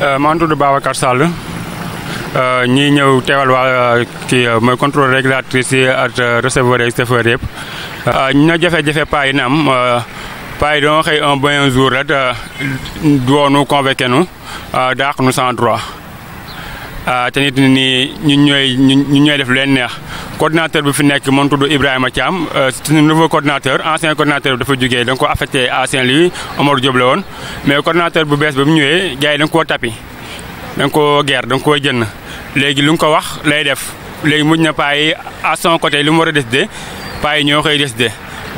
de euh, ngi tudd Babacar Sall euh, ñi ñëw teewal wa euh, ci mooy contrôle régulatrice receveur chauffeur yëpp. ñu jafe-jafe paa yi am paa un bon jour rek doonu convoqué nu nu sans droit te nit ni ñun ñooy def coordinateur bi fi nekk moom tudd Ibrahima Thiam euh, un nouveau coordinateur ancien coordinateur dafa jógee da nga ko affecté à Saint-Louis Omar Diop la woon mais coordinateur bu bees ba mu ñëwee gars yi da nga koo tapi da nga koo ger da nga koo jënd léegi lu nga ko wax lay def léegi mujj na paa yi à son côté lu mu war a décidé paa yi ñoo koy décidé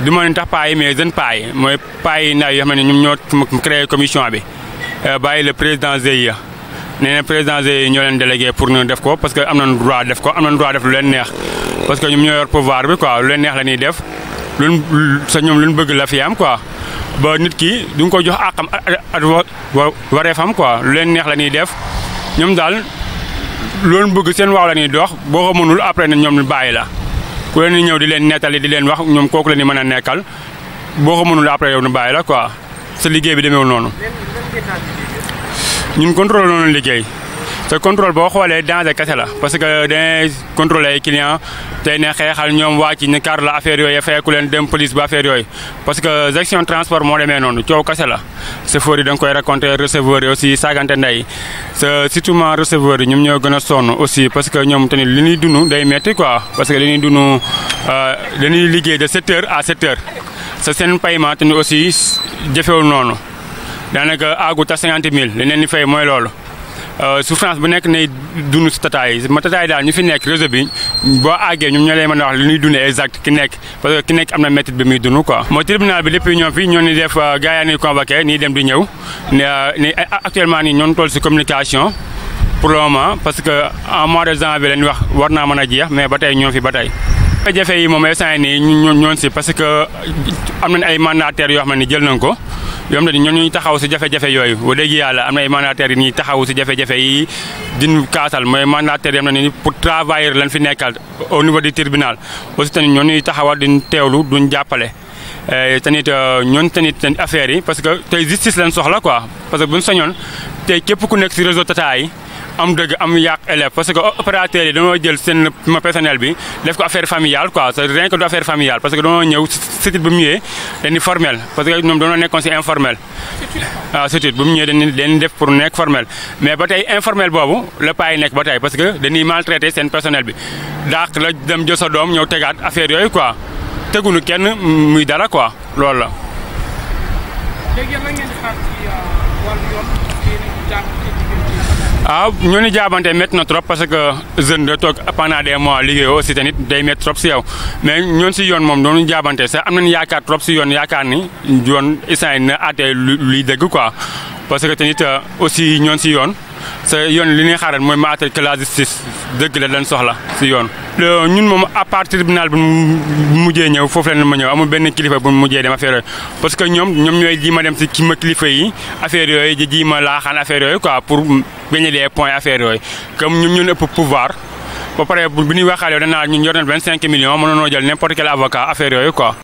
du ma ne tax paa yi mais jeune paa yi mooy paa yi ndaw yoo xam ne ñoom ñoo créé commission bi euh, bàyyi le président GIE nee na président GIE ñoo leen délégué pour ñu def ko parce que am nañ droit def ko am nañ droit def lu leen neex parce que ñoom ñoo yor pouvoir bi quoi lu leen neex la ñuy def luñ sa ñoom luñ bëgg la fi am quoi ba nit ki du ko jox àqam at waree fam quoi lu leen neex la ñuy def ñoom daal loolu bëgg seen waaw la ñuy dox boo mënul après na ñoom bàyyi la ku leen ñëw di leen nettali di leen wax ñoom kooku la ñuy mën a nekkal boo mënul après yow nu bàyyi la quoi sa liggéey bi demeewul noonu ñun contrôle noonu liggéey te contrôle boo xoolee danger kese la parce que dañuy contrôler ay clients tey ne xeexal ñoom waa ci ñu kar la affaire yooyu feeku leen dem police ba affaire yooyu parce que gestion transport moo demee noonu coow kese la chauffeur yi da koy raconter receveur yi aussi saagante ndey surtout ma receveur yi ñoom ñoo gën a sonn aussi parce que ñoom tamit li ñuy dund day metti quoi parce que li ñuy dund euh, dañuy liggéey de 7 heures à 7 heures sa seen paiement tamit aussi jëfewul noonu daanaka aagu ta 50 000 li leen di fay mooy loolu. Euh, souffrance bu nekk nay dund si tataay ma tataay daal ñu fi nekk réseau bi boo àggee ñoom ñoo lay mën a wax li ñuy dundee exact ki nekk parce que ki nekk am na méthode bi muy dund quoi. mooy tribunal bi lépp ñoom fi ñoo ni def euh, gars yaa ni convoqué nii dem di ñëw ni euh, actuellement nii ñoo toll si communication. pour le moment parce que en mois de janvier lañ wax war naa mën a jeex mais ba tey ñoo fi ba tey jafe yi moom instant yii nii ñoo ñoon si parce que am nañ ay mandataires yoo xam ne jël nañ ko. yom na ni ñoom ñuy taxaw si jafe-jafe yooyu wa dëgg yàlla am na ay mandataires yi ñuy taxaw si jafe-jafe yi din kaasal mooy mandataires yam na ni pour travailler lan fi nekkal au niveau du tribunal aussi tamit ñoo ñuy taxawal diñ teewlu duñ jàppale eh, tamit euh, ñoon tamit seen affaires yi parce que tey justice lañ soxla quoi parce que buñ sañoon tey képp ku nekk si réseau Tata yi am dëgg am yàq élève parce que opérateur yi dañoo jël seen ma personnel bi def ko affaire familiale quoi c'est rien que du affaire familiale parce que dañoo ñëw site bu mu ñëwee dañuy formel parce que ñoom dañoo nekkoon si informel. waaw surtout ah, bu mu ñëwee dañuy dañuy def pour nekk formel mais ba tey informel boobu la paa yi nekk ba tey parce que dañuy maltraité seen personnel bi dàq la dem jël sa doom ñëw tegaat affaire yooyu quoi teguñu kenn muy dara quoi loolu la. léegi yéen lan ngeen di ci euh, wàllu yoon waaw ah, ñu ni jaabante métti na trop parce que jeune da toog pendant des mois liggéeyoo aussi tamit day métti trop si yow mais ñoon si yoon moom doonu jaabante sax am nañu yaakaar trop si yoon yaakaar ni yoon instant yi na àttee luy dëgg quoi parce que tamit euh, aussi ñoon si yoon sa yoon li ñuy xaaral mooy ma àtte que la dëgg la lan soxla si yoon ñun moom à bi tribunal bu mujjee ñëw foofu leen ma ñëw amul benn kilifa bu mujjee dem affaire yooyu parce que ñoom ñoom ñooy ma dem si ki kilifa yi affaire yooyu ji affaire yooyu quoi pour a des points affaire yoy comme ñun ñun ëpp pouvoir ba paré bu ñuy waxaale yow danaa ñun yor nañ vingt cinq millions mënoonoo jël n'importe quel avocat affaire yoy quoi.